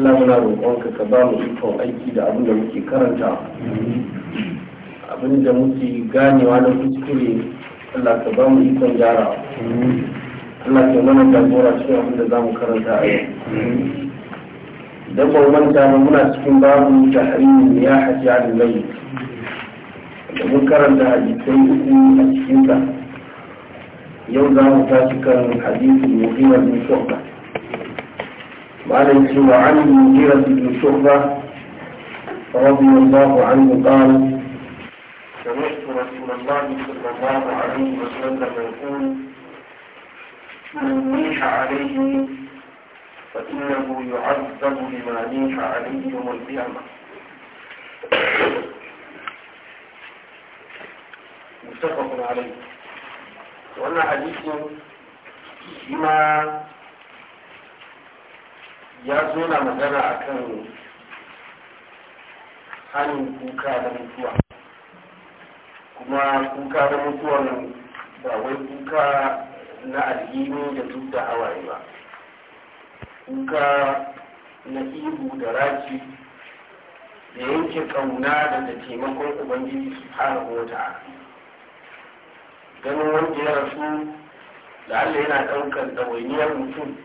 Allah muna roƙonka ka ba mu ikon aiki da abin da muke karanta abin da muke ganewa na kuskure Allah ka ba mu ikon gyara Allah ka mana gora cikin abin da za mu karanta a yau da ba manta ba muna cikin babu tahrimin ya haji al-mayyit da mun karanta hadisai uku a cikin ka. yau za mu tashi kan hadisin muhimmin shubba وعن يسمع بن شعبة رضي الله عنه قال سمعت رسول الله صلى الله عليه وسلم يقول من نيح عليه فإنه يعذب لما نيح عليه يوم القيامة متفق عليه وأنا حديث بما ya zo na magana a kan hannun kuka da mutuwa kuma kuka da mutuwa nan ba wai kuka na alhini da duk da hawaye ba kuka na ihu da raki da yanke kauna da taimakon ubangiji su fara mota ganin wanda ya rasu da allah yana ɗaukar ɗawainiyar mutum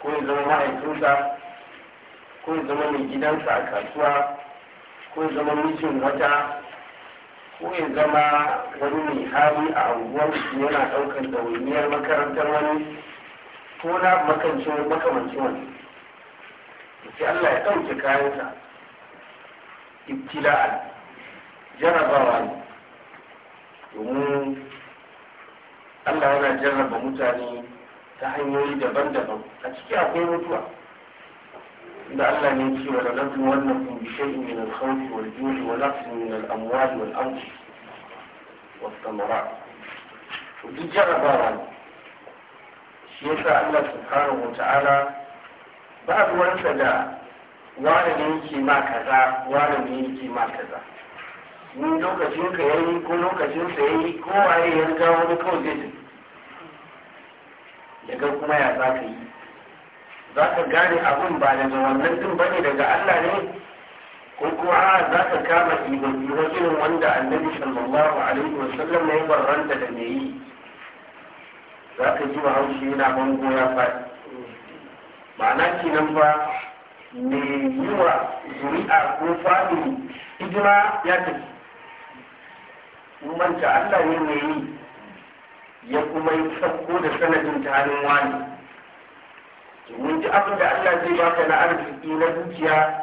ko ya zama ma'aikinsa ko ya zama mai gidansa a kasuwa ko ya zama mijin wata ko ya zama wani mai hali a unguwar yana ɗaukar ɗawainiyar makarantar wani ko na makamancin wani sai Allah ya ɗauke kayansa ibtila'an jarabawa ne domin Allah yana jarraba mutane ta hanyoyi daban-daban a ciki akwai mutuwa inda Allah ne ce wa lanabin wannan kun bi shay'in min al-khawfi wal ju'i wa nafsin min al-amwali wal anfusi was thamarat to duk jarabawa ne shi ya sa Allah subhanahu wa ta'ala ba ruwansa da wani ne yake ma kaza wani ne yake ma kaza ni lokacin ka yayi ko lokacin sa yayi ko waye ya riga wani kawai zai ga kuma ya za ka yi za ka gane abin ba daga wannan din bane daga Allah ne ko kuma za ka kama ibadiwa irin wanda annabi sallallahu alaihi sallam ya barranta da me yi za ka ji wa haushi yana bango ya faɗi ma'ana kenan ba me yi wa zuri'a ko faɗi hijira ya tafi manta Allah ne me yi ya kuma yi sauko da sanadin ta hannun wani mun ji abin da Allah zai baka na arziki na dukiya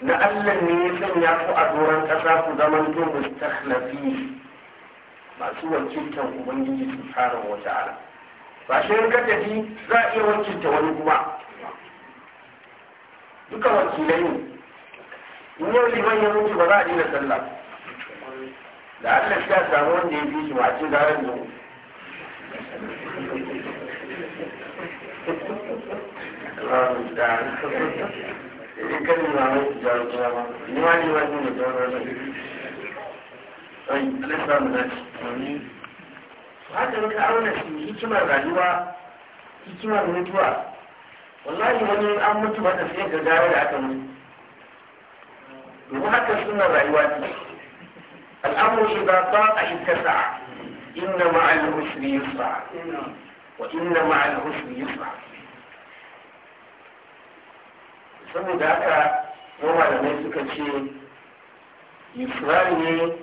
na Allah ne ya sanya ku a doron ƙasa ku zaman to mustakhlafi masu wakiltar ubangiji wata ala. ba shi ka tafi za a iya wakilta wani kuma duka wakilai ne in yau liman ya mutu ba za a daina sallah da Allah ya samu wanda ya fi shi ma a cikin garin zuwa haka muka auna shi hikimar rayuwa hikimar mutuwa wallahi wani an mutu wata sai ga gawa da aka mutu domin haka suna rayuwa ce al'amur shi ba ba a ittasa inna ma'al husri yusra wa inna ma'al husri yusra saboda haka yawan malamai suka ce yusrani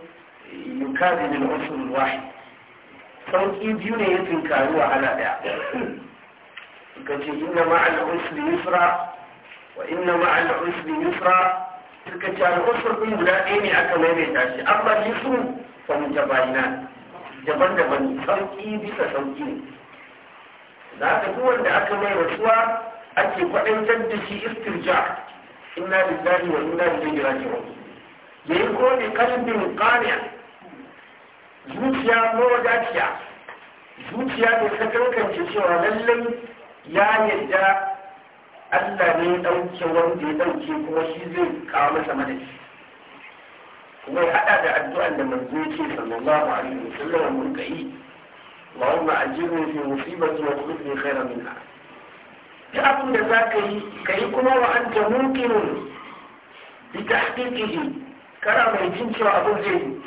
ne yukazi da usul ruwa. Sauƙi biyu ne ya tinkari wahala ɗaya. suka ce inna ma'al usri yusra wa inna ma'al usri yusra suka ce al usr din guda ɗaya ne aka maimaita shi amma yusru fa mutabayina daban-daban sauki bisa sauƙi ne Za aka fi wanda aka mai rasuwa ake kwaɗantar da shi istirja inna lillahi wa inna ilaihi raji'un yayi ko ne kalbin qani'a zuciya mawadaciya zuciya ne sakankance cewa lallai ya yadda Allah ne ya ɗauke wanda ya ɗauke kuma shi zai kawo masa madadi kuma ya haɗa da addu'an da manzo ce sallallahu alaihi wa sallam mun kai اللهم أجرني في مصيبتي واخلف لي خيرا منها ta abin da za ka yi ka yi kuma wa an ta mumkinun bi ta haƙiƙihi kara mai jin cewa abin zai yi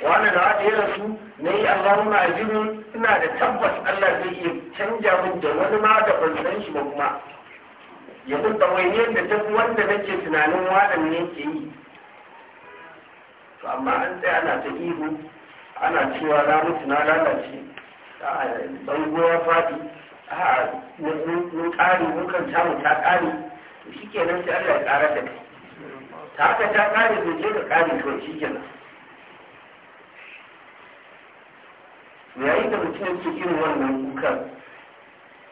wani da ya rasu na yi allahumma a jini ina da tabbas allah zai iya canja min da wani ma da ban san shi ba kuma ya mun ɗawainiyar da duk wanda nake tunanin waɗannan ne ke yi to amma an tsaya ana ta ihu ana cewa na mutu na lalace a bangowa fadi a mun ƙari mun kan samu ta ƙari to shi ke nan sai Allah ya ƙara da kai ta haka ta ƙari to je ka ƙari to shi kenan yayin da mutum yake irin wannan kukan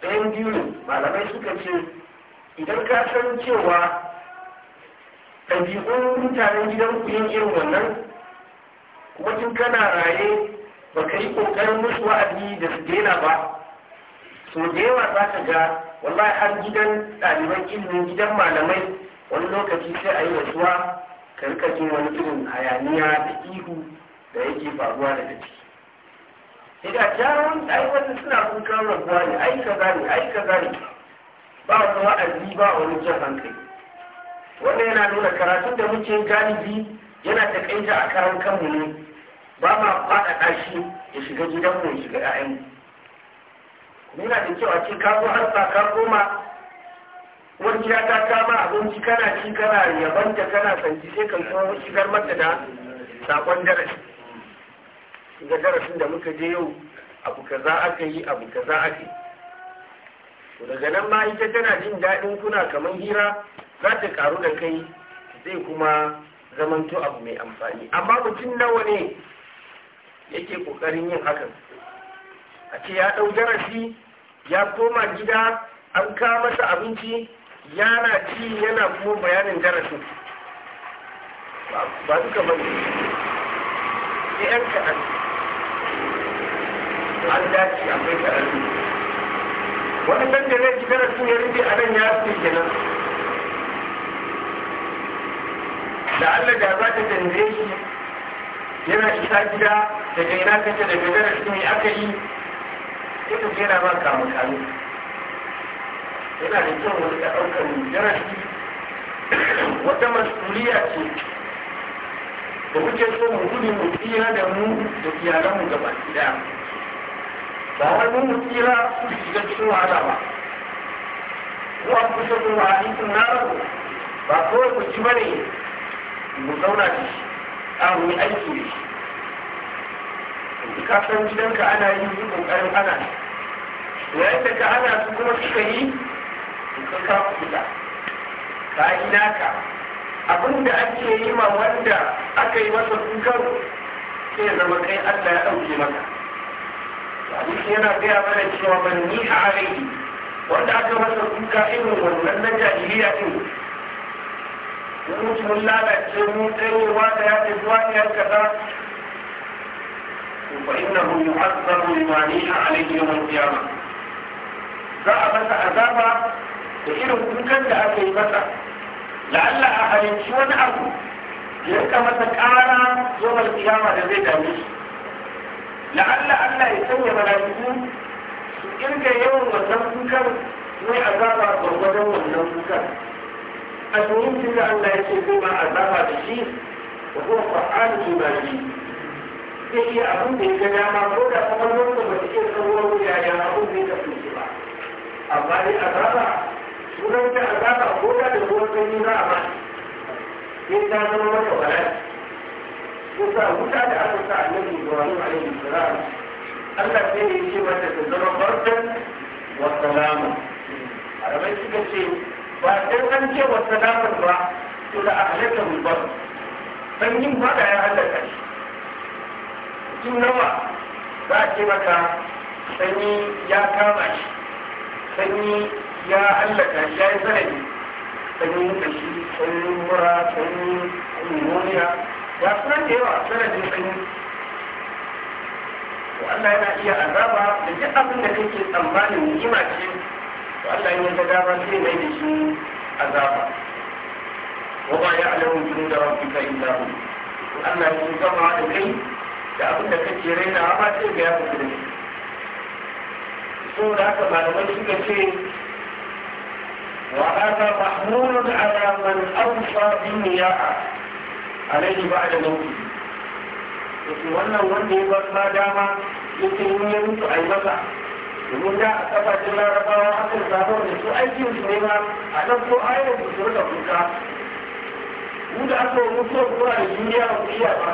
ɗayan biyu ne malamai suka ce idan ka san cewa ɗabi'un mutanen ku yin irin wannan kuma tun kana raye ba ka yi ƙoƙarin musu wa'azi da su daina ba so da yawa za ka ga wallahi har gidan ɗaliban ilimin gidan malamai wani lokaci sai a yi rasuwa ka rika jin wani irin hayaniya da ihu da yake faruwa daga ciki idan ah, jaron ai wani suna kukan rabuwa ne ai ka ne ai ka ne ba wani wa'azi ba wani jan hankali wannan yana nuna karatun da muke galibi yana takaita a karan kanmu ne ba ma faɗaɗa shi ya shiga gidanmu ya shiga 'ya'yanmu nuna da cewa ce ka zo harsa ka koma wani gida ta kama abinci kana ci kana yabanta kana sanji sai kan kuma shigar mata da sakon darasi ga darasin da muka je yau abu za aka yi abu za aka yi daga nan ma ita tana jin daɗin kuna kamar hira za ta karu da kai zai kuma zamanto abu mai amfani amma mutum nawa ne yake ƙoƙarin yin hakan a ce ya ɗau darasi ya koma gida an kawo masa abinci yana ci yana kuma bayanin darasin ba duka ba ne yan kaɗan an dace akwai kaɗan wani ɗan da zai ji darasin ya rufe a nan ya fi kenan da Allah da za ta tambaye shi yana isa gida daga ina kake daga darasin mai aka yi sai ka jera ba ka mutane yana da kyau wani da ɗaukar darasi wata masuliya ce da muke so mu gudu mu tsira da mu da iyalanmu gaba gida. ba wai mu tsira su shiga cikin wahala ba ko an kusa kuma a cikin naro ba kawai ku ci bane mu zauna da shi a mu yi aiki da shi Ka kasan gidanka ana yi yi ƙoƙarin ana yayin da ka ana su kuma suka yi ka ka kuta ka yi naka abin ake yi ma wanda aka yi masa dukan sai zama kai Allah ya ɗauke maka hadisi yana gaya mana cewa man ni a alaihi wanda aka masa duka irin wannan na jahiliya din mun lalace mun tsayewa da ya tafi wani ya kaza فإنه يحذر لما نيح عليه يوم القيامة ذهب فأذاب تشيره ممكن لأكي فتا لعل أحد يشون أبو يلك مثل أعلى يوم القيامة لذي دميش لعل أن يسمي ملايكون إنك يوم وزنفك مي أذاب ضربة وزنفك أتنين تلك أن ما أذاب بشيء وهو فعال جمالي zai iya abin da ya ga dama ko da kuma nuna ba ta iya tsawon wuya ya abin da ya tafi ba amma dai azaba sunan ta azaba ko da da ruwan sanyi za a ba sai ta zama mata bala'i kusa wuta da aka sa annabi Ibrahim alaihi salam Allah sai ya ce mata ta zama barkan wa salama arabai suka ce ba sai an ce wa salama ba to da ahlaka mulbar sanyin ba da ya halaka shi su nawa za a ce maka sanyi ya kama shi sanyi ya hallaka shi ya yi sanadi sanyi da shi sanyi mura sanyi pneumonia ya kuma da yawa sanadin sanyi to Allah yana iya azaba da duk abin da kake tsammanin ni'ima ce to Allah ya ga dama sai mai da shi azaba wa ba ya da junuda rabbika illa hu Allah ya gama da kai da abin da kake raina a ba ce ya fito so da haka malamai suka ce وهذا محمول على من أوصى بالنياعة ba da موته yake wannan wanda ya bar ma dama yake yi ya mutu a yi masa domin da a kasashen larabawa kan samu da su aikin su ne ma a ɗauko ayar su rika kuka mu da aka yi mutuwa kura da duniya a ku ba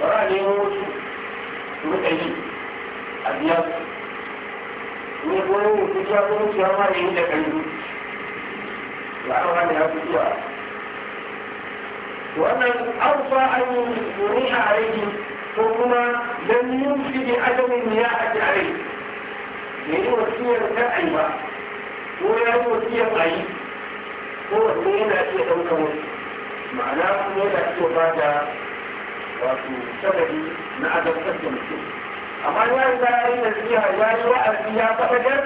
ba za a nemo wasu su rika yi a biya su ne ko yin mutu ya kuma ciya ma da yi da ƙarfi ya an hana ya fi iya wannan an fa an yi muni a aiki ko kuma don yin fi da adamin ya a ta aiki ya yi wasiyar ta ayi ba ko ya yi wasiyar ayi ko wanne yana iya ɗaukar ma'ana kuma yana iya ba da wato sababi na azabtar da mutum amma ya yi ya yi nasiha ya yi wa'azi ya faɗaɗar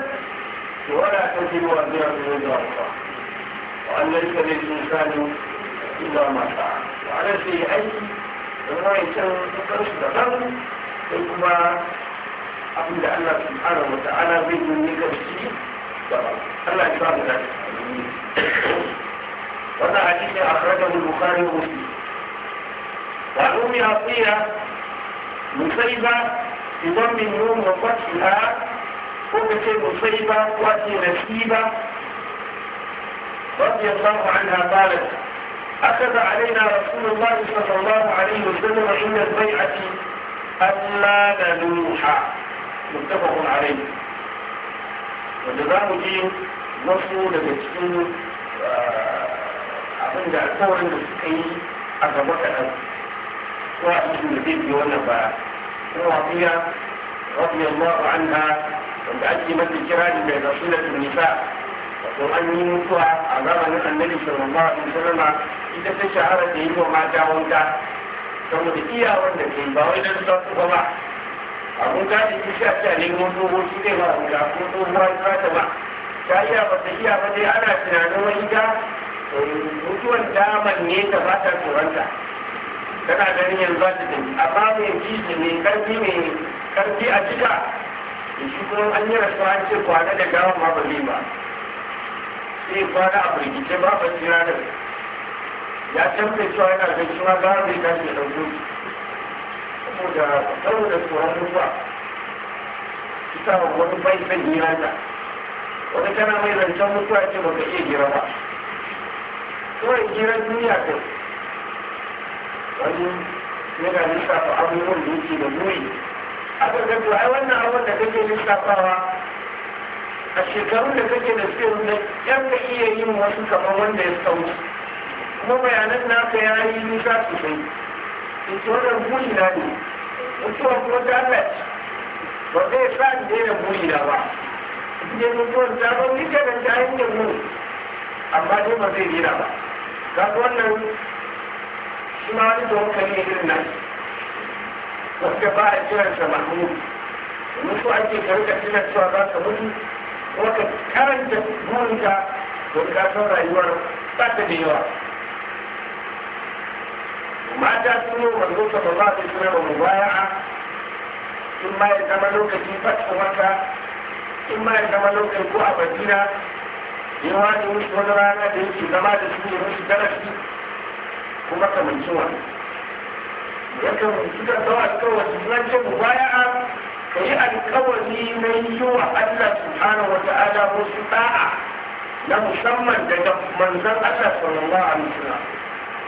to wala ta ji wa zira da yau da wasa wa Allah ya kare su sani illa mata wa ana sai aiki da wani can dukkan su daban sai kuma abin da Allah subhanahu wa ta'ala zai yi ne karshe daban Allah ya ba mu dace wannan hadisi akhrajahu al-Bukhari wa Muslim وروي فيها مصيبة بضم النوم وفتحها قلت مصيبة وأتي نسيبة رضي الله عنها قالت أخذ علينا رسول الله صلى الله عليه وسلم عند البيعة ألا نلوح متفق عليه والنظام دين وصلوا لتسكين abin da alkawarin da suka ko a cikin da zai wannan ba ko wafiya rafi Allah anha wanda ake masa kirani mai rasulatun nisa wato an mutuwa a zamanin annabi sallallahu alaihi wasallam ita ta shahara da yi wa mata wanka saboda iyawar da ke ba wai dan zaku ba ba abun ka da ne mun shi ne ko ta ba ta iya ba dai ana tunanin wani mutuwan daman ne ta ba ta Kana ganin yanzu za ta tafi amma mai kishi mai karfi mai karfi a cika shi kuma an yi rasu an ce kwana da gawa ma ba zai ba sai kwana a birgice ba ba tsira da ya canza cewa yana da shi ma gawa mai tashi da ɗauko saboda saboda tsoron rufa ita wani bai san hiranta wani tana mai zancen mutuwa ce ba ka iya gira ba kawai giran duniya kai wani yana lissafa abubuwan da yake da muni aka ga to ai wannan abin da kake lissafawa a shekarun da kake da suke da yan ka iya yin wasu kamar wanda ya sauki kuma bayanan naka ya yi nisa sosai in ci wannan buri na ne mutuwa kuma ta Allah ba zai sa in daina buri na ba in dai mutuwar ta ba ni ka da ta hanyar mu amma dai ba zai daina ba ga wannan shi ma wani tawakkali ne irin nan wanda ba a jiran sa mahmud domin so ake ka rika tunan cewa za ka mutu kuma ka karanta burinka don ka san rayuwar ba ta da yawa mata sun yi manzo sallallahu alaihi wasallam mubaya'a in ma ya zama lokaci fatu maka in ma ya zama lokaci ko a madina yawa ne wani rana da yake zama da su ne musu darasi kuma kamancin wani yakan suka zawa alkawari nan ce mu baya ka yi alkawari na yi wa Allah subhanahu wa ta'ala wasu da'a na musamman daga manzon Allah sallallahu alaihi wasallam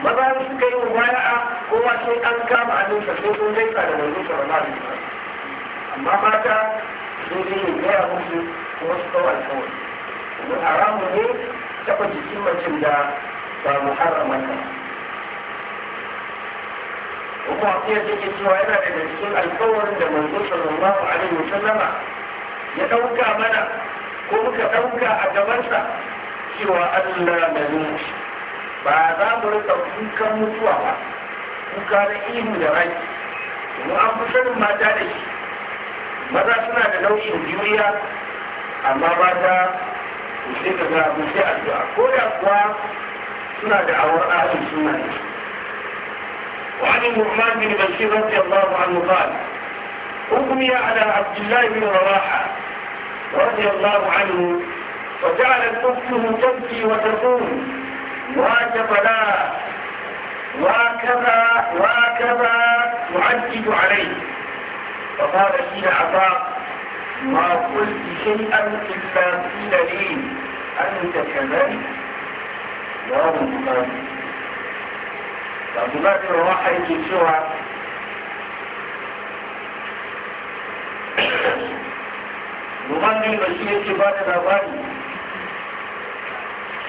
maza suka yi mubaya'a kowa sai an kama hannunsa sai sun gaisa da manzon sallallahu alaihi wasallam amma mata sun yi gaya musu kuma su kawo alkawari domin haramun ne taɓa jikin mutum da ba muharraman ba uku hafiyar ke cewa yana da cikin alkawarin da manzo sallallahu alaihi wa sallama ya ɗauka mana ko muka ɗauka a gabansa cewa Allah na zuci ba za mu rika kukan mutuwa ba kuka na ihu da rai mu an fi sanin mata da shi maza suna da nau'in juriya amma mata ta sai ka ga mu addu'a ko da kuwa suna da awar ahlus sunna ne وعن النعمان بن بشير رضي الله عنه قال أغمي على عبد الله بن رواحة رضي الله عنه وجعلت أخته تبكي وتقول لا وهكذا وهكذا تعجج عليه فقال حين عطاء ما قلت شيئا إلا قيل لي أنت كذلك يا رب abdullah bin rawaha yake cewa Numan bin shi yake ba da labari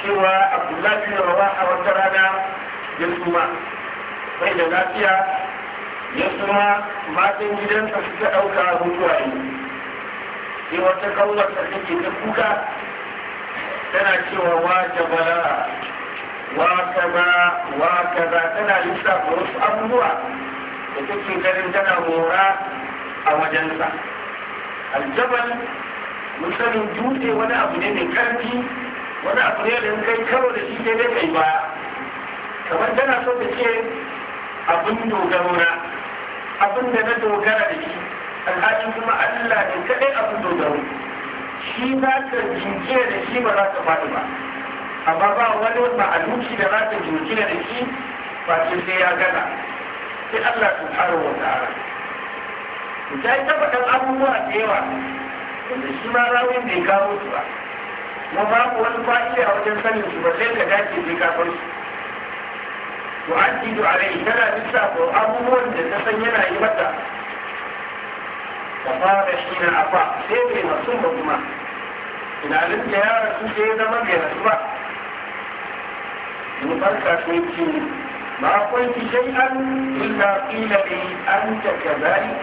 cewa abdullah bin rawaha wata rana ya suma bai da lafiya ya suma matan gidansa suka ɗauka mutuwa ne sai wata kawar ta take ta kuka tana cewa wa jabara Wakaza tana تنا لسا wasu abubuwa da take ganin tana hora a wajensa aljabal misalin dutse wani abu ne mai karfi wani abu ne da kai karo da shi sai dai kai ba kamar tana so ta ce abin dogaro na abin da na dogara da shi alhalin kuma Allah ne kaɗai abin dogaro shi za ka jinjiya da shi ba za ka faɗi ba amma ba wani wanda a duki da rafin duki na da ba su sai ya gana, sai Allah subhanahu wa ta'ala ta yi tabbatar abubuwa da yawa da shi ma rawin bai kawo su ba kuma babu wani fashi a wajen sanin su ba sai ka dace sai ka bar su to an tana ko abubuwan da ta san yana yi mata ta fara shi na afa sai mai masu kuma Ina da ya rasu sai ya zama bai rasu ba مفرقة ما قلت شيئا إلا قيل لي أنت كذلك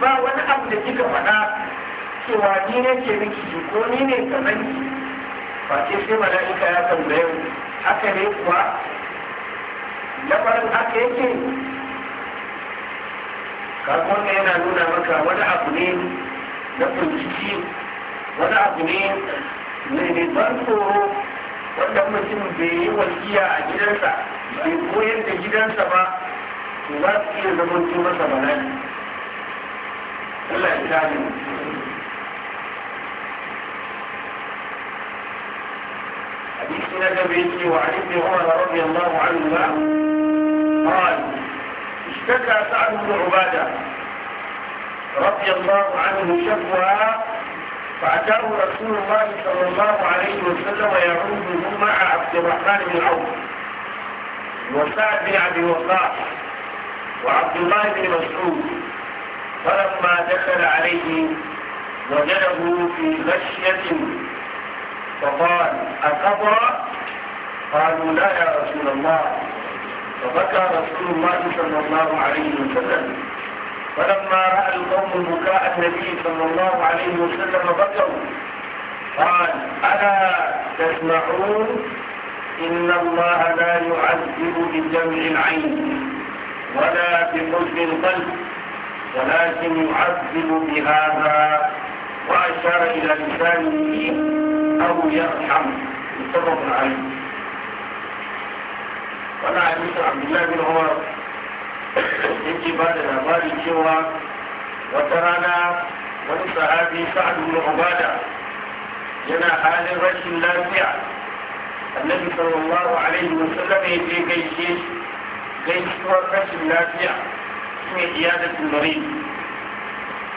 ba wani abu da kika faɗa cewa ni ne ke miki ki ko ni ne kamar ki ba ke sai mala'ika ya tambaye haka ne kuwa labarin haka yake kaga wannan yana nuna maka wani abu ne na bincike wani abu ne mai ban tsoro wanda mutum bai yi wasiya a gidansa bai koyar da gidansa ba to za su iya zama su masa bala'i Allah ya kare mu hadisi na gaba yake wa Ali bin Umar radiyallahu anhu قال اشتكى سعد بن عباده رضي الله عنه شكوى فأتاه رسول الله صلى الله عليه وسلم يعوده مع عبد الرحمن بن عوف وسعد بن عبد وقاص وعبد الله بن مسعود فلما دخل عليه وجده في غشية فقال أكبر قالوا لا يا رسول الله فبكى رسول الله صلى الله عليه وسلم فلما رأى القوم بكاء النبي صلى الله عليه وسلم بكوا قال ألا تسمعون إن الله لا يعذب بجمع العين ولا بحزن القلب ولكن يعذب بهذا وأشار إلى لسانه أو يرحم بسبب عليه وأنا حديث عبد الله بن عمر yake ba da labari cewa wata rana wani sahabi sa'ad ibn ubada yana halin rashin lafiya annabi sallallahu alaihi wa sallam ya je gaishe gaisuwar rashin lafiya shine iyadatul marid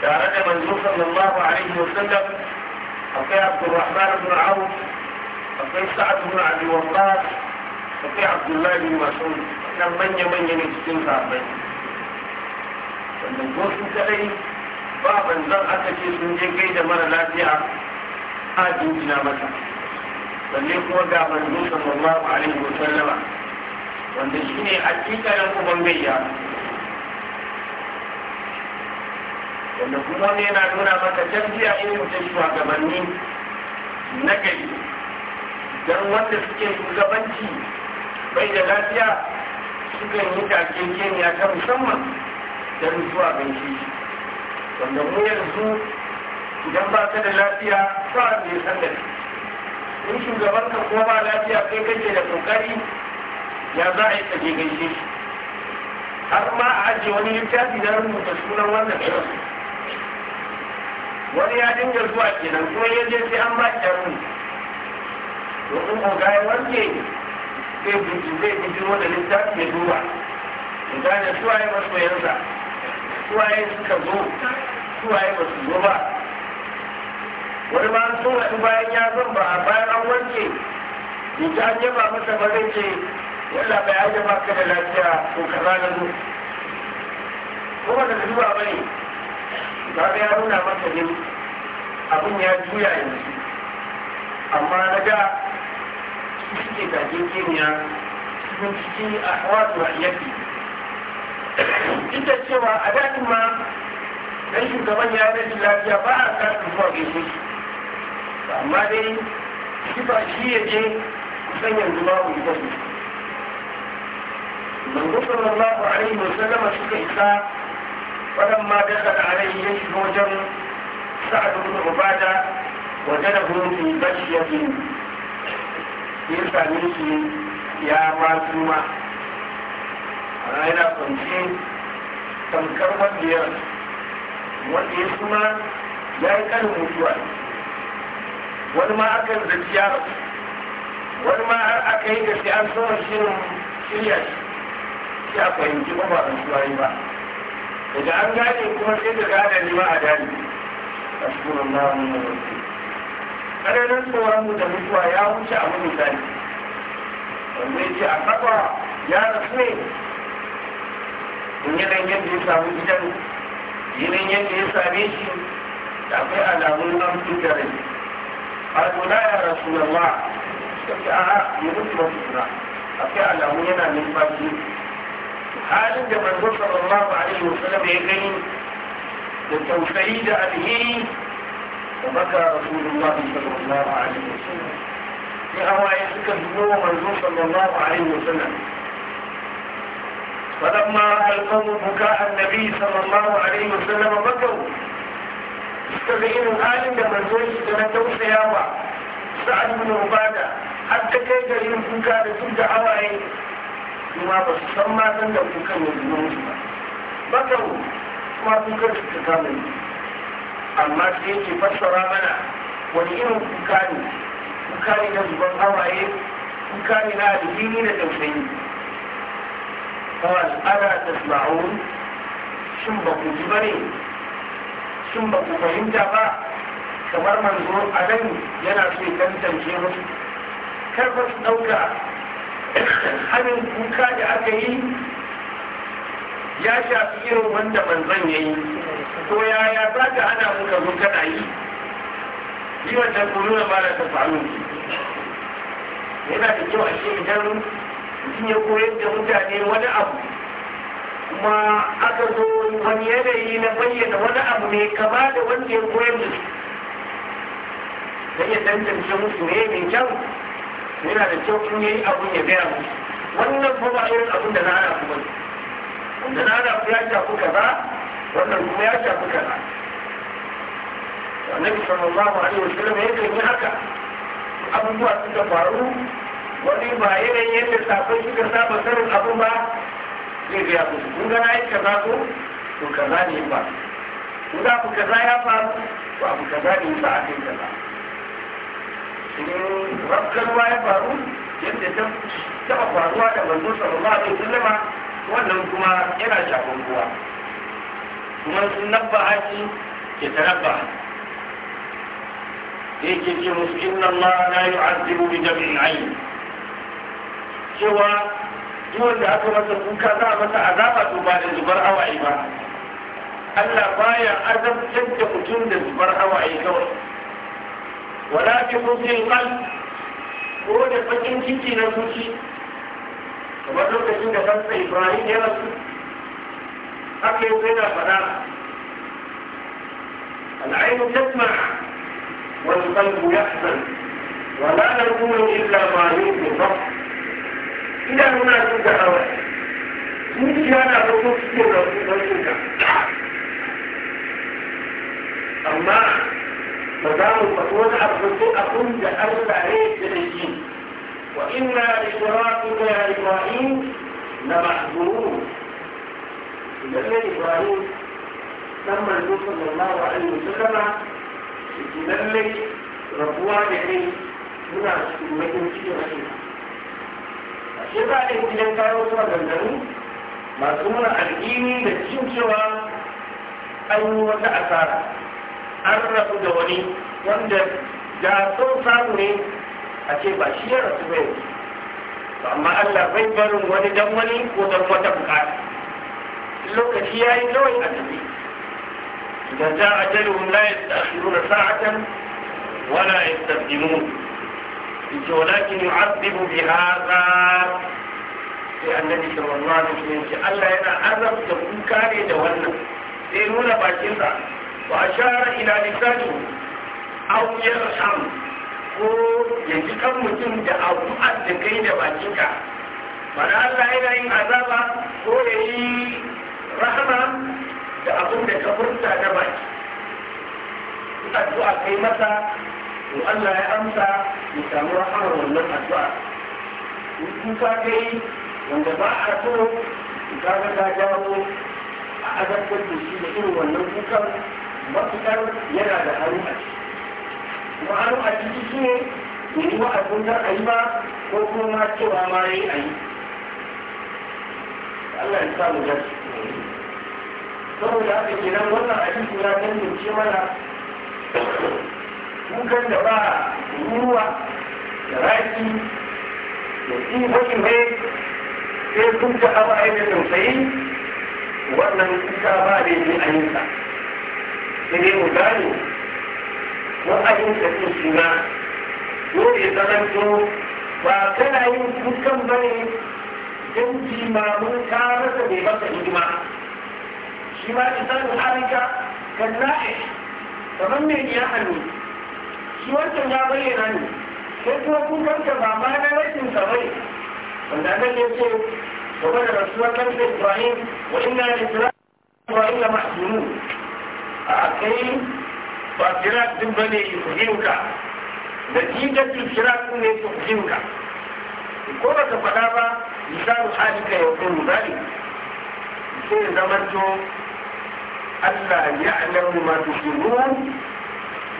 tare da manzo sallallahu alaihi wa sallam akwai abdurrahman ibn auf akwai sa'ad ibn abi waqqas akwai abdullahi ibn mas'ud nan manya-manya ne cikin sahabbai wannan ko kadai ba banzan aka ce sun je gai da mara lafiya a jinjina mata balle kuma ga manzo sallallahu alaihi wa sallama wanda shine hakikanin uban gayya wanda kuma ne yana nuna maka tarbiya irin ta shugabanni na gari don wanda suke shugabanci bai da lafiya cikin zai yi tafiyayyen ta musamman don zuwa gaishe shi wanda mu yanzu idan ba ka da lafiya ba a mai san da in shugaban ka kuma ba lafiya kai kake da kokari ya za a yi ka gaishe shi har ma a ajiye wani littafi na rubuta sunan wannan irin wani ya dinga zuwa kenan kuma ya sai an ba ki domin ko gaya wanke zai bijiro da littafi ya duba in gane suwaye masoyansa suwaye suka zo suwaye ba su zo ba wani ma sun haɗu bayan ya zan ba a bayan an wanke in ta an masa ba zai ce yalla bai an zai ka da lafiya ko kaza na zo kuma da zuwa ba ne ba ya nuna masa ne abin ya juya yanzu amma na ga suke gajin kimiyya sun cikin ahwatu a yaki duk da cewa a daɗin ma dan shugaban ya rashin lafiya ba a kafin zuwa gaishe shi amma dai shi ba shi ya je kusan yanzu ba ita su manzo sallallahu alaihi wa sallam suka isa wadan ma da kada alaihi ya shiga wajen sa'ad ibn ubada wajadahu fi bashiyatin ya same shi ya ba su ma ana yana kwanci tamkar wanda wanda ya suma ya yi karin mutuwa wani ma aka yi zafiya wani ma aka yi gaske an soma shirin shirya shi a fahimci ba ba rasuwa yi ba daga an gane kuma sai da gane ne ma a dani a cikin na wani tsananin tsoron mu da mutuwa ya wuce abin misali wanda ya ce a kafa ya rasu ne in yanayin yadda ya samu gidan yanayin yadda ya same shi da akwai alamun nan fita rai ƙalu na ya rasu na ma suka a ya mutu masu suna akwai alamun yana numfashi halin da manzo sallallahu alaihi wasallam ya gani da tausayi da alheri وبكى رسول الله صلى الله عليه وسلم في هواية سكة مرزو صلى الله عليه وسلم فلما رأى القوم بكاء النبي صلى الله عليه وسلم بكوا استبعينوا آل ده منزول سنة توسياوة سعد بن عبادة حتى كيف جريم بكاء لتبدأ هواية وما ba su san matan da kukan yanzu na musu ba. Bakau amma sai yake fassara mana wani irin kuka ne kuka ne na zuban hawaye kuka ne na alhini da tausayi kawai ana tasma'un shin ba ku ji ba ne shin ba ku fahimta ba kamar manzo a nan yana so ya tantance musu kar ba su ɗauka hanin kuka da aka yi ya shafi irin wanda manzon ya yi to yaya za ka hana mu ka zo kana yi yi wannan na ba da ta faru yana da kyau a shi idan mutum ya koyar da mutane wani abu kuma aka zo wani yanayi na bayyana wani abu ne kama da wanda ya koyar da su zai ya tantance musu ne mai kyau yana da kyau in yi abun ya gaya musu wannan ba irin abun da na hana kuma. bane da nana ku ya shafi kaza wannan kuma ya shafi kaza annabi sallallahu alaihi wasallam ya kan yi haka abubuwa suka faru wani ba yanayin yadda safai suka saba sanin abu ba zai gaya musu kun gana yi kaza ko to kaza ne ba kun ga abu kaza ya faru to abu kaza ne ba a kai kaza in rabkarwa ya faru yadda ta taɓa faruwa da manzo sallallahu alaihi wasallama wannan kuma yana shafin kowa kuma sun nabba haƙi ke nabba da yake ce musu inna na yi yu'azzibu bi jami'in ayi cewa duk wanda aka masa kuka za a masa azaba to ba da zubar hawaye ba Allah baya azabtar da mutum da zubar hawaye kawai wala bi mutum qalb ko da bakin ciki na zuci kamar lokacin da kansa ibrahim ya rasu haka yanzu yana العين تسمع والقلب يحزن ولا نقول إلا ما يرضي الرب إلى هنا تدعى مش أنا أقول كثير أما مدام فتوضع الفتوء أقول لأرض عليه بالإجين وإنا لفراقك يا إبراهيم لمحزونون لله إبراهيم تم النبي صلى الله عليه وسلم لله ربوا لكي هنا cikin bakin cikin a gidan kawo zuwa dandano masu muna alƙini da cin cewa an yi wata asara an rabu da wani wanda da samu ne a ce ba shi ya rasu bai to amma Allah bai barin wani dan wani ko dan wata bukata lokaci yayi kawai a tafi idan za a jaluhum la yastakhiruna sa'atan wala yastaqdimun yace walakin yu'adhibu bi hadha sai annabi sallallahu alaihi wasallam ce Allah yana azabta kuka ne da wannan sai nuna bakinsa wa ashara ila lisanihi aw yarham ko ya kan mutum da abu da kai da bakinka mana Allah yana yin azaba ko ya yi rahama da abin da ka furta da baki addu'a kai masa to Allah ya amsa ya samu rahamar wannan addu'a in ka kai wanda ba a so ka ga ta jawo a azabtar da shi da irin wannan kukan matukar yana da hannu a ciki ma'anu a ciki shi ne yi wa abubuwan a yi ba ko kuma ma cewa ma yi a yi Allah ya samu gaske saboda haka kenan wannan hadisi ya tantance mana kukan da ba ruwa da raki da tsibokin ne sai kun ta abaye da tausayi wannan kuka ba da yi a yinsa sai dai mu gane wa'adin da ke shiga dole ya zamanto ba kana yin dukkan bane don jimamin ka rasa mai masa hidima shi ma isanin harika kan na'i kamar mai ya hannu shi wancan ya bayyana ne sai kuma kukan ka ba ma na rashin sa bai wanda nan ya ce game da rasuwar nan da Ibrahim wa inna lillahi wa inna mahzunun a kai ba firak din ba ne yuhinka natijar firak ne yuhinka ko ba ka faɗa ba misalu halika ya kuru zali sai ya zamanto Allah ya alamu ma tushirun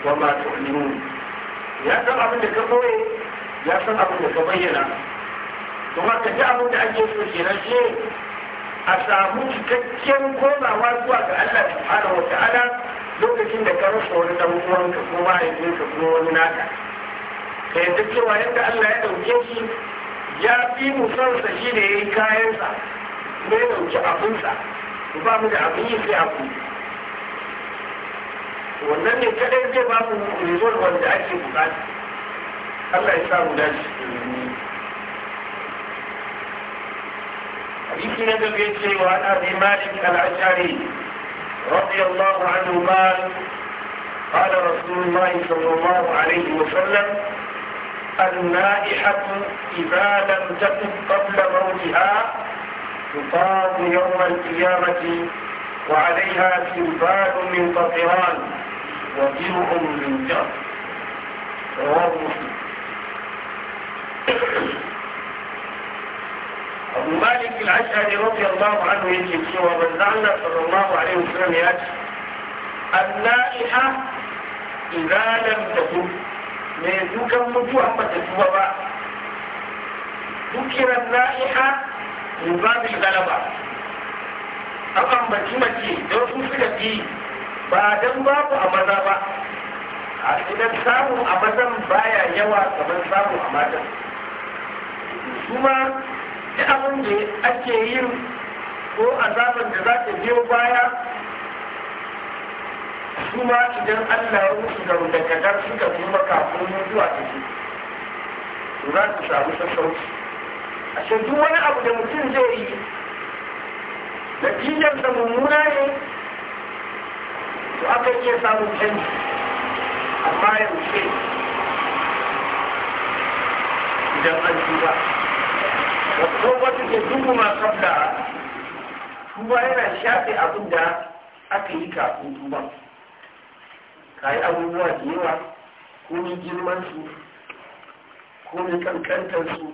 wa ma tu'linun ya san abin da ka koye ya san abin da ka bayyana kuma ka ji abin da ake so kenan shi a samu cikakken komawa zuwa ga Allah subhanahu wa ta'ala lokacin da ka rasa wani dan uwanka ko mahaifinka ko wani naka ka yadda cewa yadda Allah ya dauke shi ya fi mu sa shi da yayi kayansa ne dauki abinsa ba mu da abin yi sai abu wannan ne kadai zai ba mu result wanda ake bukata Allah ya sa mu dace hadisi na gaba ya ce wa ana bi malik al-ashari رضي الله عنه قال قال رسول الله صلى الله عليه وسلم النائحة إذا لم تكن قبل موتها تطاب يوم القيامة وعليها سلبان من قطران ودرع من جر رواه مسلم أبو مالك العشهري رضي الله عنه يجب ومن زعل صلى الله عليه وسلم يأتي النائحة إذا لم تكن ميزوكا مجوعة ما تتوبة ذكر النائحة مباب الغلبة أقام baki mace دو سوفي لكي بعد ba don babu a سامو ba بايا idan كمان سامو mazan ثم duk abin da ake yin ko azabin da za ta biyo baya kuma idan Allah ya musu garudakatar suka kuma zuwa ta ce to za su samu sassauci a duk wani abu da mutum zai yi natijar da mummuna ne to aka iya samun canji amma ce idan an duba wasu ke dubu ma kabda tuba yana shafe abin da aka yi kafin tuba ka yi abubuwa da yawa komi girmansu komi kankantarsu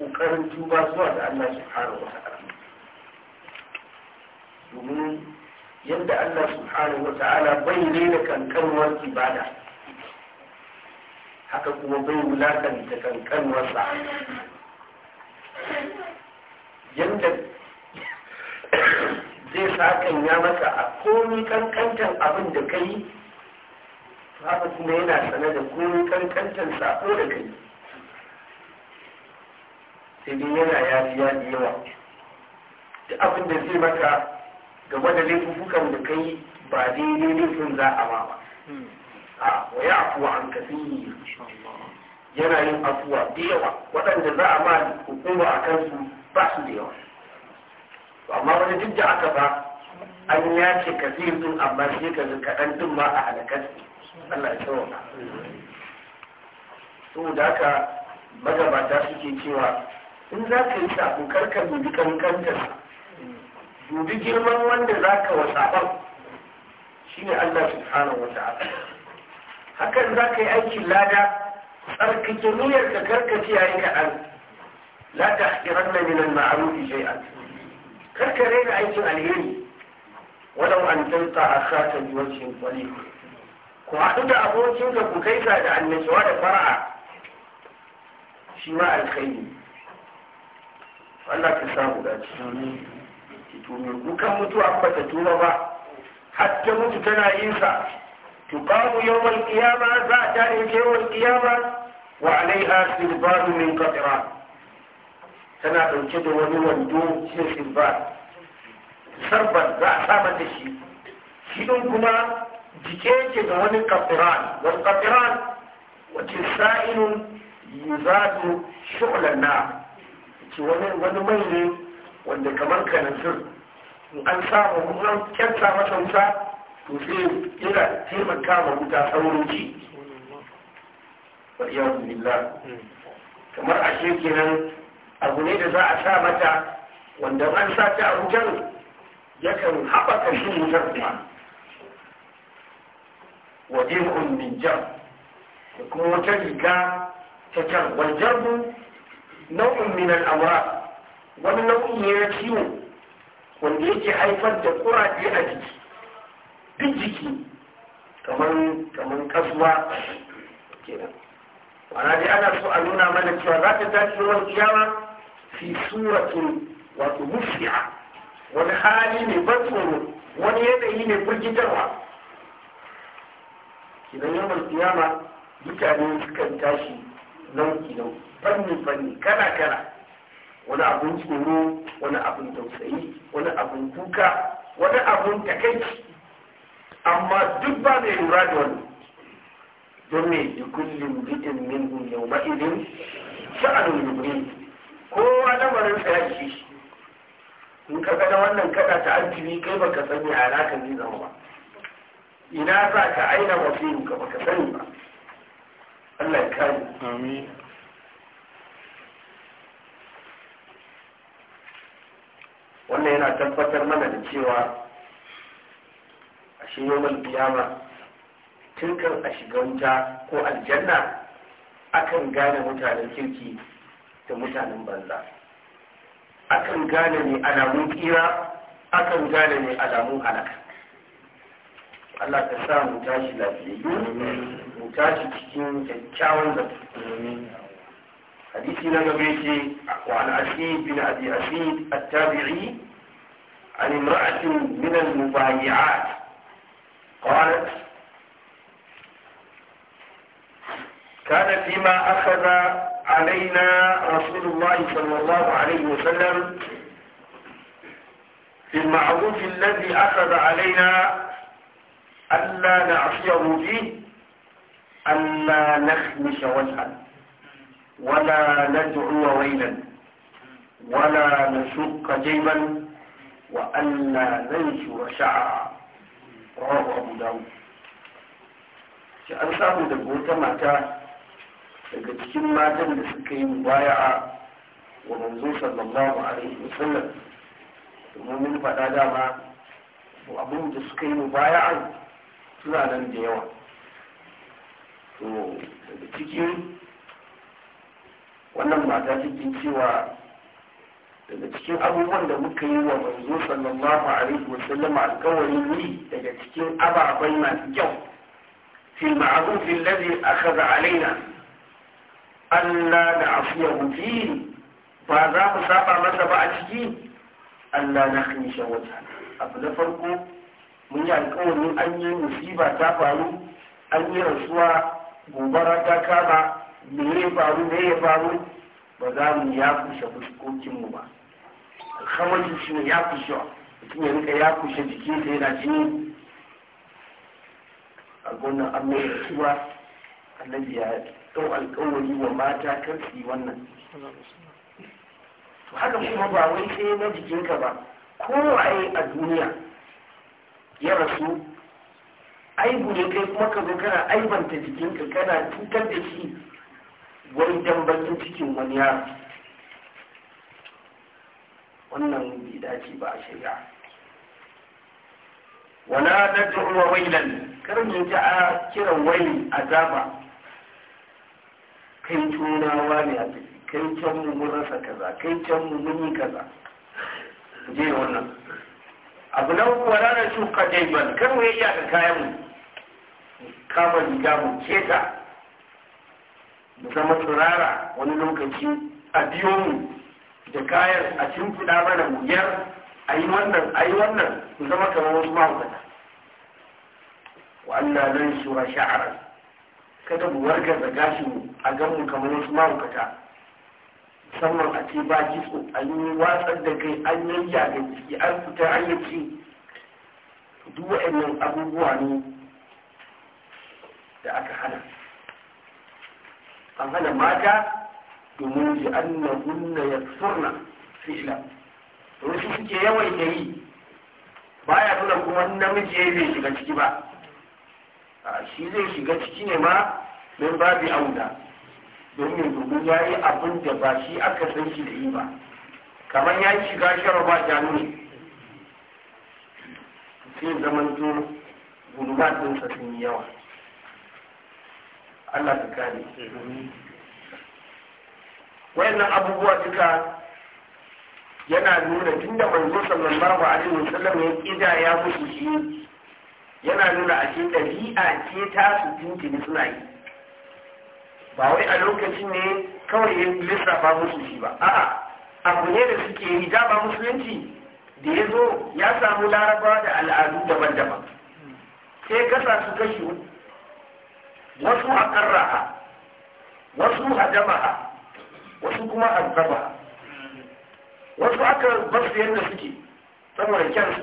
ƙoƙarin tuba zuwa da allah subhanahu wa domin yadda allah subhanahu wa ta'ala bai da kankanwar ibada haka kuma bai wulakanta kankanwar sa. yadda zai sakan ya masa a komi kankantar abin da ka yi haka kuma yana sane da komi kankantar sako da ka yi sai dai yana ya da yawa duk abin da zai maka game da laifukan da ka yi ba daidai laifin za a ba ba hmm. a waya kuwa an yi yana yin afuwa da yawa waɗanda za a ma hukuma a kansu ba su da yawa amma wani duk da aka ba an yace zai zun amma shi ka kaɗan duk ma a halakar Allah ya tsawo saboda haka magabata suke cewa in za ka yi sabon karkar dubi kankantar dubi girman wanda za ka wa sabon shi ne Allah subhanahu wa ta'ala hakan za ka yi aikin lada أركتلو يتكرك في عينك لا تحترن من المعروف شيئا كرك ليل عيس عليهم ولو أن تلقى أخاك بوجه طليق كوحدة أبوك سنك كيف أدعى النسوة فرع شماء الخيم فالله تسامه لا تسامه وكم متوى أبا تتومه حتى متنا تنعيسه za'a yawan تقام يوم القيامة ذات يوم القيامة وعليها سربان من Tana سنة da wani wando سربان sarban za a saba da shi shi ɗin kuma jike yake wani kafiran wani kafiran wace sa'inun yuzadu shu'lan na wani mai ne wanda kamar kanansir in an samu in an kyanta to sai yana taimaka ma wuta saurin kamar ashe kenan abu ne da za a sa mata wanda an sa ta a wutar yakan haɓaka shi wutar kuma waje kun min jam da kuma wata riga ta can wajen jarbu nau'in minan amura wani nau'in yana ciwo wanda yake haifar da kuraje a jiki duk jiki kamar kasuwa kenan wana dai ana so a nuna mana cewa za ta tashi yawan kiyama fi suratun wato musfi'a wani hali ne ban tsoro wani yanayi ne burgitarwa idan yawan kiyama mutane sukan tashi nauki nau fanni fanni kala kala wani abun tsoro wani abun tausayi wani abun kuka wani abun takaici amma duk ba mai lura da wani don me da kullum bidin min yau ba idin yubri kowa lamarin sa ya in ka gada wannan kada ta addini kai baka sani a naka ne zama ba ina sa ka aina yin ka ka sani ba Allah ya kari amin wannan yana tabbatar mana da cewa a shi yawon biyama tun kan a shiga wuta ko aljanna akan gane mutanen kirki da mutanen banza akan gane ne alamun kira akan gane ne alamun halaka Allah ta sa mu tashi lafiya mu tashi cikin kyakkyawan na wa al نبوي bin abi بن at-tabi'i an imra'atin min al المبايعات قالت كان فيما أخذ علينا رسول الله صلى الله عليه وسلم في المعروف الذي أخذ علينا ألا نعصيه فيه ألا نخمش وجها ولا ندعو ويلا ولا نشق جيبا وألا ننشر شعرا rawahu abu dawud shi an samu daga wata mata daga cikin matan da suka yi mubaya'a wa manzo sallallahu alaihi wasallam domin mun faɗa dama abin da suka yi mubaya'a suna nan da yawa to daga cikin wannan mata cikin cewa daga cikin abubuwan da muka yi wa manzo sallallahu alaihi wa sallam alkawari ne daga cikin ababai masu kyau fi ma'ruf alladhi akhadha alaina afu ya fi ba za mu saba masa ba a ciki kan nakhnisha wajha abu na farko mun yi alkawari an yi musiba ta faru an yi rasuwa gobara ta kama me ya faru me ya faru ba za mu ya kushe fuskokinmu ba alhamadu shi ya kushe mutum ya rika ya kushe jikin sa yana jini a gonan amma ya a annabi ya ɗau alƙawari wa mata kar wannan to haka kuma ba wai sai na jikinka ba kowaye a duniya ya rasu aibu ne kai kuma ka zo kana aibanta jikinka kana cutar da shi Wani jan bakin cikin wani yaro wannan bai dace ba a shirya. wala nad'u wa wailan kar mu ji a kiran waili azaba kai tunawa ne a tafi kai can mu mun rasa kaza kai can mu mun yi kaza je wannan abu na uku wala na shuka jaiban kar mu yi ka kayan mu kama riga mu keta mu zama turara wani lokaci a biyo mu da kayan a cin fuda mana mu a yi wannan a yi wannan zama kamar wasu mahaukata wa'anda zan shura sha'ara kada mu da gashin mu a gan mu kamar wasu mahaukata musamman a ce ba kitso an yi watsar da kai an yayya da jiki an fita an yi ci duk waɗannan abubuwa ne da aka hana an hana mata domin ji an na gunna ya surna fi'ila Rufi suke yawan yayi baya nuna kuma namiji ya bai shiga ciki ba shi zai shiga ciki ne ma don babu auda domin domin ya yi abin da ba shi aka san shi da yi ba kamar ya shiga shara ba jami ne sai to ɗinsa sun yi yawa Allah ka kare wayannan abubuwa duka yana nuna tunda manzo sallallahu alaihi wasallam ya ida ya musu shi yana nuna a cikin dabi'a ce ta su tuntuni suna yi ba wai a lokacin ne kawai ya lissafa musu shi ba a'a abu ne da suke yi ba musulunci da ya zo ya samu larabawa da al'adu daban-daban sai kasa su kashi uku wasu a ƙarraha wasu a ha, wasu kuma a zaba wasu aka basu yadda suke saboda kyansu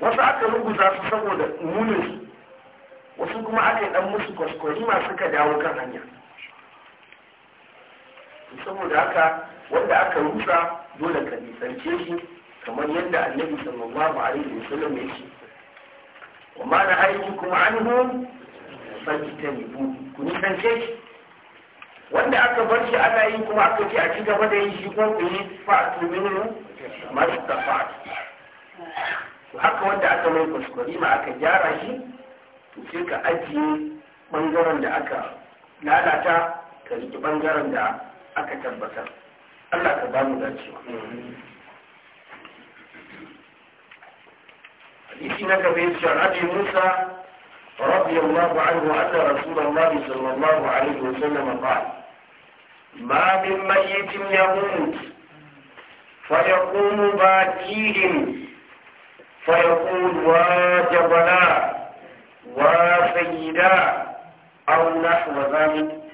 wasu aka rubuta su saboda muninsu wasu kuma aka yi ɗan musu kwaskwari masu ka dawo kan hanya saboda haka wanda aka rusa dole ka nisance shi kamar yadda annabi sallallahu alaihi wasallam ya ce wa ma na aiki kuma anhum fajtanibu ku san ce wanda aka bar shi ana yi kuma aka ce a ci gaba da yin shi ko ku yi fa'atu ta fa to haka wanda aka mai kuskure ma aka gyara shi to sai ka ajiye bangaren da aka lalata ka riƙe bangaren da aka tabbatar Allah ka ba mu dacewa hadisi na gaba yace Abi Musa رضي الله عنه أن رسول الله صلى الله عليه وسلم قال ما من ميت يموت فيقوم باكيهم فيقول واجبنا وسيدا أو نحو ذلك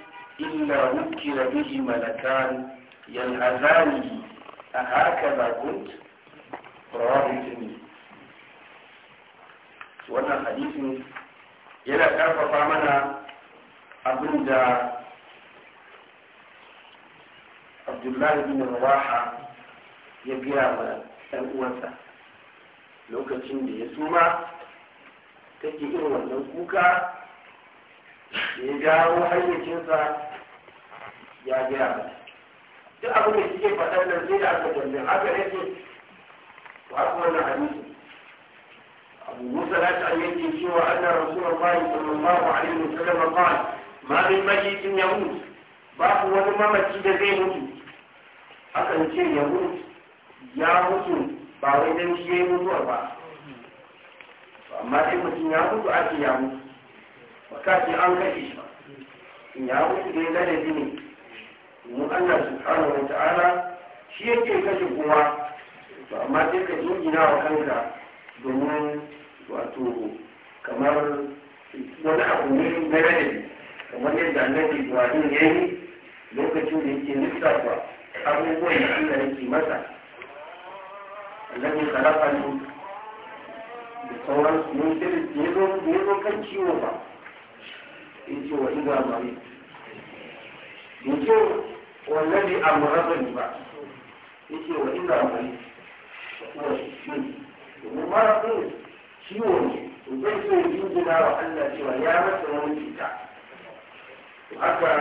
إلا ذكر به ملكان يلهزانه أهكذا كنت رواه الترمذي وأنا حديث yana karfafa mana abin da abdullahi bin rawaha ya biya wa ɗan uwansa lokacin da ya suma take irin wannan kuka ya jawo hayyacinsa ya gaya mata duk abin da suke faɗar nan sai da aka tambaye haka yake ba kuma na أبو موسى الأشعري يكتب سوى أن رسول الله صلى الله عليه وسلم قال ما من ميت يموت باب ولما مسجد زي موت akan ce ya mutu ya mutu ba wai dan shi ya mutu ba amma sai mutum ya mutu a ce mutu ba ka an shi ba mutu ne mu Allah subhanahu wa ta'ala shi yake kashe kowa to amma sai ka jingina wa kanka domin wato kamar wani abu ne na rajabi kamar yadda annabi ibrahim ya yi lokacin da yake lissafa abubuwan da allah yake masa annabi khalaqa ne da sauransu mun sai ya zo ya zo kan ciwo ba in ce wa iza mari in ce wallahi amradani ba in ce wa iza mari wa kuwa shi domin mara kuma ciwo ne zai so jinjina wa Allah cewa ya masa wani cuta to haka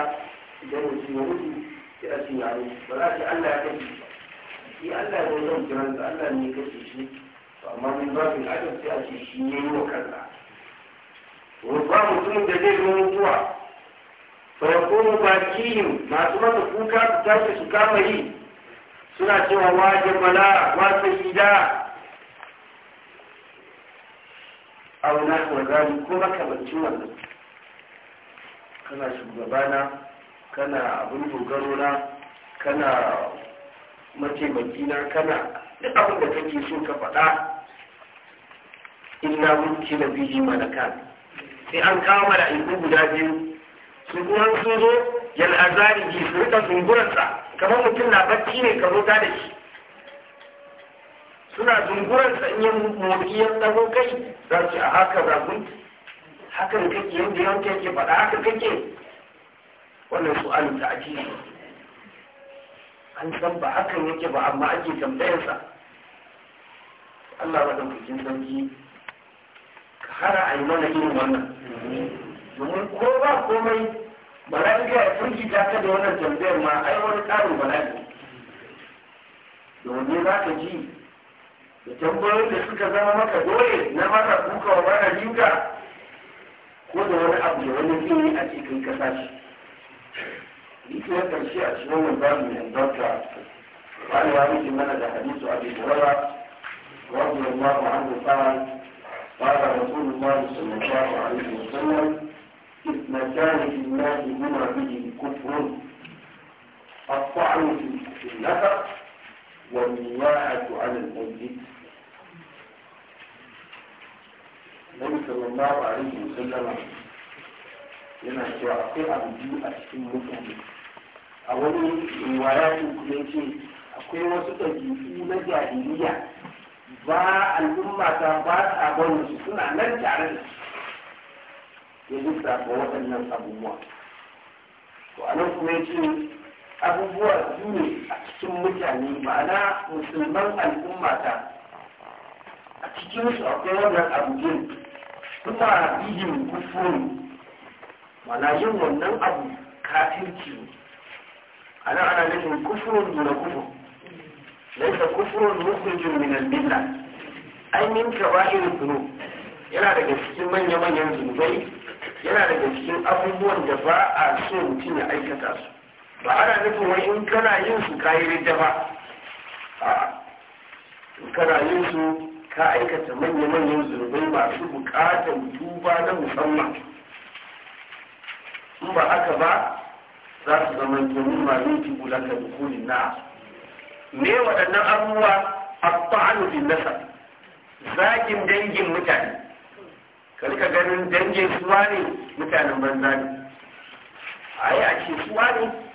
idan mutum ya mutu sai a ce ya ba za a ce Allah ya kashe shi shi Allah ya zama kiran da Allah ne ya kashe shi to amma min babin adam sai a ce shi ya yi wa kansa to ba da zai zo mutuwa fa yakunu bakiyin masu masa kuka su tashi su kama yi suna cewa wajen bala wasu sayyida aw na ko zani ko bacci wannan kana shugabana kana abin dogaro na kana mataimaki na kana duk abin da kake so ka faɗa illa wuce da bihi malaka sai an kawo mala'iku guda biyu su kuma sun zo yal'azari ji su rika zungurarsa kamar mutum na bacci ne ka zo da shi suna zunguran sanyin in yin kai za su a haka zagun hakan kake yadda yanke ke faɗa haka kake wannan su'alin ta ajiye an san ba hakan yake ba amma ake tambayarsa Allah kukin sarki ka hara a yi mana irin wannan domin ko ba komai mala'ika ya firgita ta da wannan tambayar ma ai wani ƙarin bala'i domin za ka ji da tambayoyin da suka zama maka dole na mara kuka wa mara jinka ko da wani abu da wani zai a cikin kasa shi duk ya karshe a cikin wannan babu ne dokta wani ya miki mana da hadisu abi hurairah radiyallahu anhu qala قال رسول الله صلى الله عليه وسلم اثنتان في الله هما به كفر الطعن في النفق والنياعة عن الميت النبي صلى الله عليه وسلم yana cewa akwai abu biyu a cikin mutane a wani riwayatin kuma ce akwai wasu ɗabi'u na jahiliya ba al'umma ta ba ta barin su suna nan tare da su ya lissafa waɗannan abubuwa to a nan kuma ya ce abubuwa biyu a cikin mutane ma'ana musulman al'umma ta a cikin su akwai wannan abu din kuma bihin kufuri mana yin wannan abu kafirci ne ana ana nufin kufurin duna kufu laisa kufurin mukhrijin min al-milla ai min kaba'ir dhunub yana daga cikin manya-manyan zunubai yana daga cikin abubuwan da ba a so mutum ya aikata su ba ana nufin wai in kana yin su ka yi ridda ba in kana yin su ka aikata manya-manyan zunubai masu bukatar tuba na musamman in ba aka ba za su zama domin maminki bulaka da kulin na ne waɗannan abubuwa a ba'alubin nasa zagin dangin mutane karka ganin dangin suwa ne mutanen banza ne a yi a ce suwa ne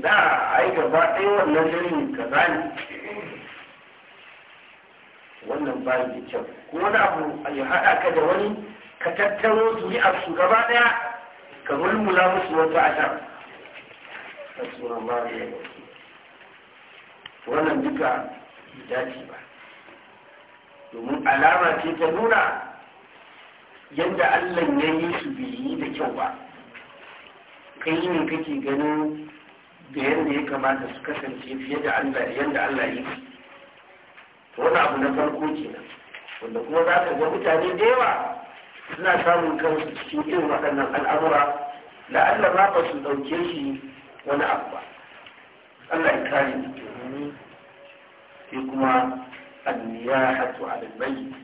da a yi gaba ɗaya wannan jirgin ka zani wannan ba yi kyau ko wani abu yi haɗa ka da wani ka tattaro su yi gaba ɗaya ka mulmula musu wata a can wannan duka dace ba domin alama ce ta nuna yadda allah ya yi su bai yi da kyau ba kai ne kake ganin da yadda ya kamata su kasance fiye da Allah yadda Allah ya to wani abu na farko kenan wanda kuma za ka ga mutane da yawa suna samun kansu cikin irin waɗannan al'amura la'alla ma ba su ɗauke shi wani abu ba Allah ya kare ni sai kuma anniyahatu ala al-mayyit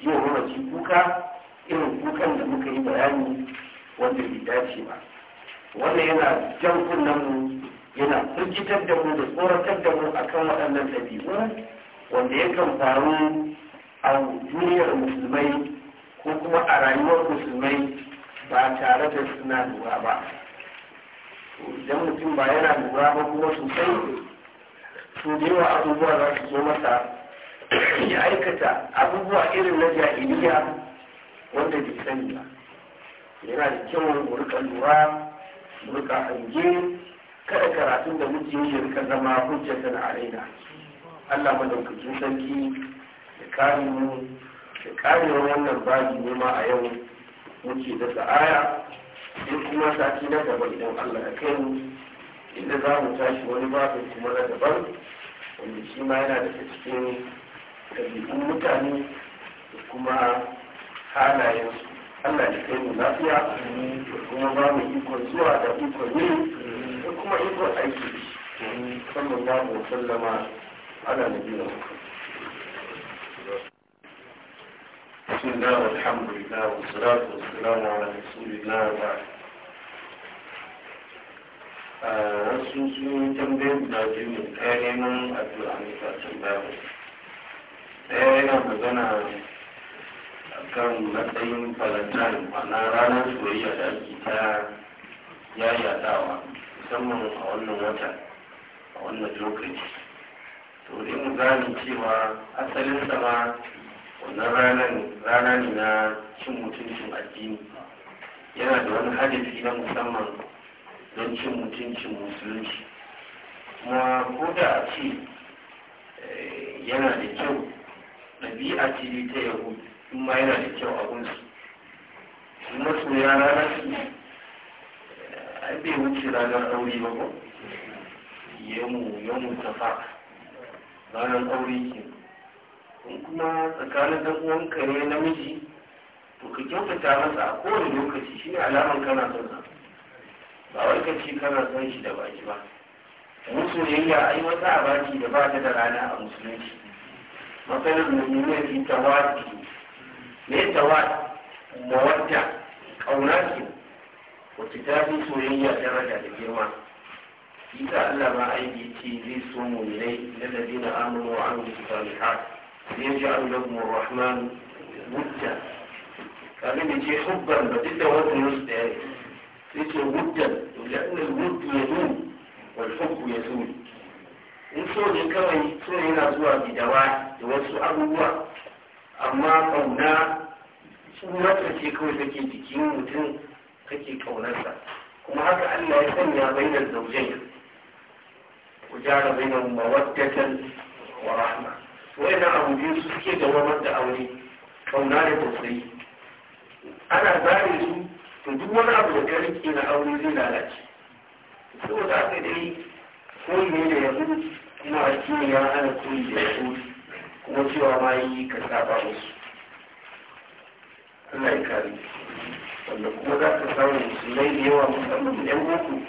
yau kuma kuka irin kukan da muka yi bayani wanda bai dace ba wanda yana jan kunnan mu yana firgitar da mu da tsoratar da mu akan waɗannan ɗabi'u wanda ya kan faru a duniyar musulmai ko kuma a rayuwar musulmai ba tare da suna lura ba idan mutum ba yana lura ba kuma sosai to da yawa abubuwa za su zo masa ya aikata abubuwa irin na jahiliya wanda bai sani ba yana da kyau mu rika lura rika hange kada karatun da muke yi rika zama da alaina Allah madaukakin sarki da kare mu da kare wannan baji ne ma a yau muke da sa'aya in kuma sati na gaba idan Allah ya kai mu inda za mu tashi wani babu kuma na daban wanda shi ma yana daga cikin ɗabi'un mutane da kuma halayensu Allah ya kai mu lafiya da kuma ba mu ikon zuwa da ikon yi da kuma ikon aiki sallallahu alaihi wasallama ala nabiyina بسم الله والحمد لله والصلاة والسلام على رسول الله وبعد wasu sun tambayar da biyu ne kayan neman addu'a ne kafin babu ɗaya yana magana kan matsayin valentine na ranar soyayya da ake ta yayatawa musamman a wannan wata a wannan lokaci to dai mu gane cewa asalin sama wannan ranar rana ne na cin mutuncin addini yana da wani hadisi na musamman don cin mutuncin musulunci kuma ko da a ce eh, yana da kyau ɗabi'a ce ta yahudu in ma yana da kyau a gunsu masu ya rana su eh, ai bai wuce ranar aure ba ko yamu ta tafa ranar aure ke in kuma tsakanin dan uwanka ne namiji to ka kyautata masa a kowane lokaci shi ne alamar kana son sa ba wai ka ce kana son shi da baki ba musoyayya ai wata abaki da ba ta da rana a musulunci matsalar yaki ta wadi ne tawa mawadda ƙauna ce wacce ta fi soyayya daraja da girma isa Allah ma aiki ce zai so mu ne lallabi na amuru wa amuru su salihat zai ji an lagun rahman wudda kamin da ce hubban ba duk da wata nusu da yare sai ce wuddan lannan wuddu ya zo wal hubbu ya zo in so ne kawai so yana zuwa bidawa da wasu abubuwa amma kauna sunarsa ce kawai take jikin mutum take kaunarsa kuma haka Allah ya sanya da zaujai ku jara bainar mawaddatan wa rahma na abu biyu su suke dawamar da aure kauna da tausayi ana zare su to duk wani abu da ka rike na aure zai lalace saboda haka dai ko ne da yanzu ina addini ya hana koyi da yanzu kuma cewa ma yi ka saba musu Allah ya kare wanda kuma za ka samu musulmai da yawa musamman yan boko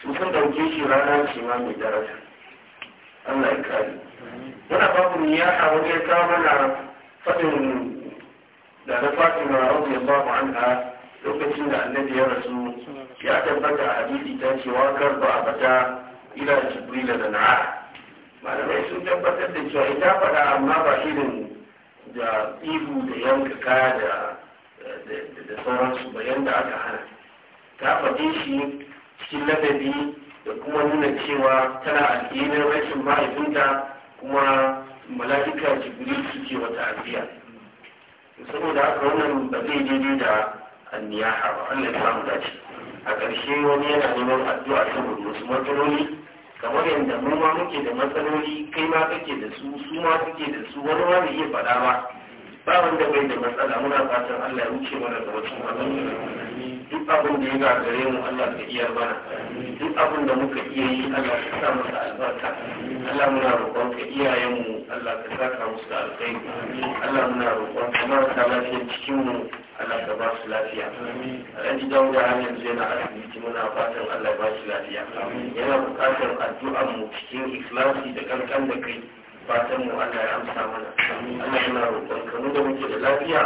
su da wuce shi rana ce ma mai daraja Allah ya kare muna babu ya a wani ya kawo mana faɗin da na fatima an anha lokacin da annabi ya rasu ya tabbata a hadisi ta cewa kar ba a bata ila jibrila da na'a malamai sun tabbatar da cewa ita faɗa amma ba irin da ihu da yanka kaya da da sauransu ba yanda aka hana ta faɗi shi cikin ladabi da kuma nuna cewa tana alƙinin rashin mahaifinta kuma mala'ika jibril su ce wata abiya saboda haka wannan ba zai daidai da anniya ba Allah ya samu dace a ƙarshe wani yana neman addu'a saboda wasu matsaloli kamar yadda mu ma muke da matsaloli kai ma kake da su su ma suke da su wani ma iya faɗa ba ba wanda bai da matsala muna fatan Allah ya wuce mana da wasu matsaloli duk abin da ya gare mu Allah ka iya mana duk abin da muka iya yi Allah ka sa masa albarka Allah muna roƙon ka iyayen mu Allah ka saka musu da alkhairi Allah muna roƙon ka marasa lafiyar cikin mu Allah ka ba su lafiya Alhaji Dauda har yanzu yana asibiti muna fatan Allah ba shi lafiya yana buƙatar addu'ar mu cikin ikhlasi da kankan da kai fatan mu Allah ya amsa mana Allah yana roƙon ka mu da muke da lafiya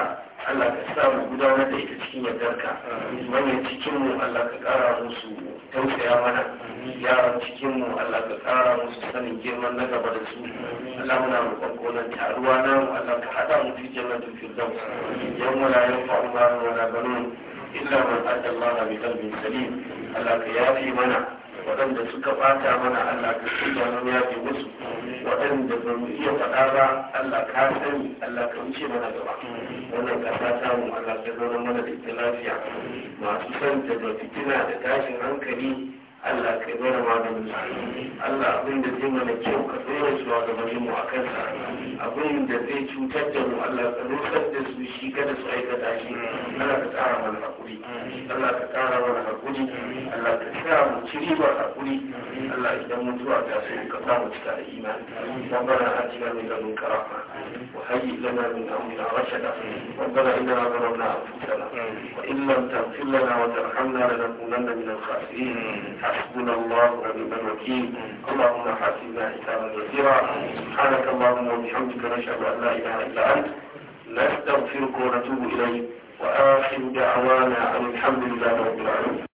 Allah ka sa mu gudanar da ita cikin yardarka manyan cikin mu Allah ka ƙara musu tausaya mana yaran cikin mu Allah ka ƙara musu sanin girman na gaba da su Allah muna roƙon gonan taruwa na mu Allah ka haɗa mu fi jannatin firdaus yan wala yin fa'u ma na ganin. illa man adda Allah bi qalbin salim Allah ka yafi mana waɗanda suka ɓata mana Allah ka tuba mun yafe musu waɗanda ba mu iya faɗa ba Allah ka sani Allah ka wuce mana gaba wannan ƙasa ta mu Allah ka zama mana da ita lafiya masu son da fitina da tashin hankali Allah ka zara wa da Allah abin da zai mana kyau ka tsere su wa gaban mu a kansa abin da zai cutar da mu Allah ka rusar da su shi kada su aikata shi Allah ka tsara mana hakuri Allah ka tsara mana hakuri Allah ka sa mu ci hakuri Allah idan mutuwa ta so ka sa mu cika da imani ربنا آتنا من لدنك رحمة وهيئ لنا من أمرنا رشدا ربنا إننا ظلمنا أنفسنا وإن لم تغفر لنا وترحمنا لنكونن من الخاسرين حسبنا الله ونعم الوكيل اللهم حاسبنا حسابا يسيرا سبحانك اللهم وبحمدك نشهد ان لا اله الا انت نستغفرك ونتوب اليك واخر دعوانا ان الحمد لله رب العالمين